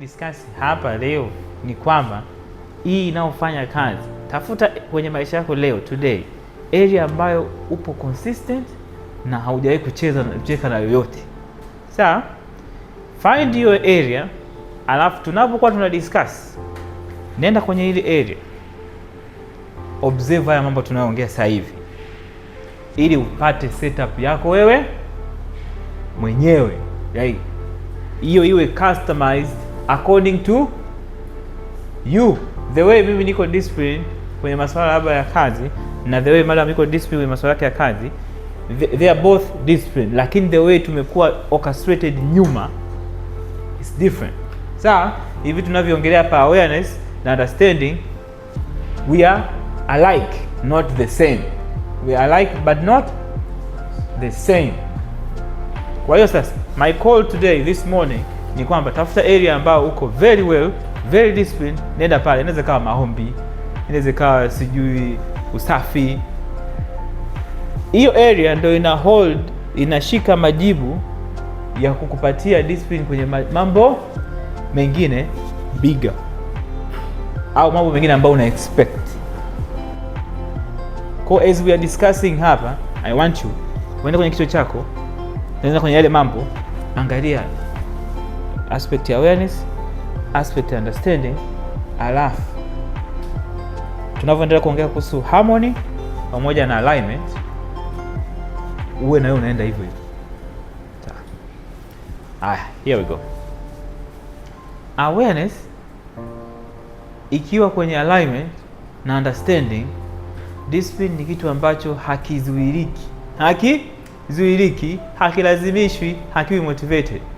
discuss hapa leo ni kwamba hii inayofanya kazi, tafuta kwenye maisha yako leo today area ambayo upo consistent na haujawahi kucheza kucheka na yoyote sawa. Find your area, alafu tunapokuwa tuna discuss, nenda kwenye ile area, observe haya mambo tunayoongea sasa hivi, ili upate setup yako wewe mwenyewe hiyo, iwe customized according to you. The way mimi niko discipline kwenye masuala labda ya kazi na the way madam iko discipline kwenye masuala yake ya kazi, they are both discipline, lakini the way tumekuwa orchestrated nyuma is different. Sawa, hivi tunavyoongelea hapa, awareness na understanding, we are alike not the same, we are alike but not the same. Kwa hiyo sasa, my call today this morning ni kwamba tafuta area ambayo uko very well, very disciplined, nenda pale. Inaweza kawa maombi, inaweza kawa sijui usafi. Hiyo area ndio ina hold, inashika majibu ya kukupatia discipline kwenye mambo mengine bigger au mambo mengine ambayo una expect. Kwa as we are discussing hapa, I want you uende kwenye kichwa chako, naenda kwenye yale mambo, angalia aspect awareness, aspect understanding, alafu tunavyoendelea kuongea kuhusu harmony pamoja na alignment, uwe na wewe unaenda hivyo hivyo. Ah, here we go. Awareness ikiwa kwenye alignment na understanding, discipline ni kitu ambacho hakizuiriki, hakizuiriki, hakilazimishwi, hakiwi motivated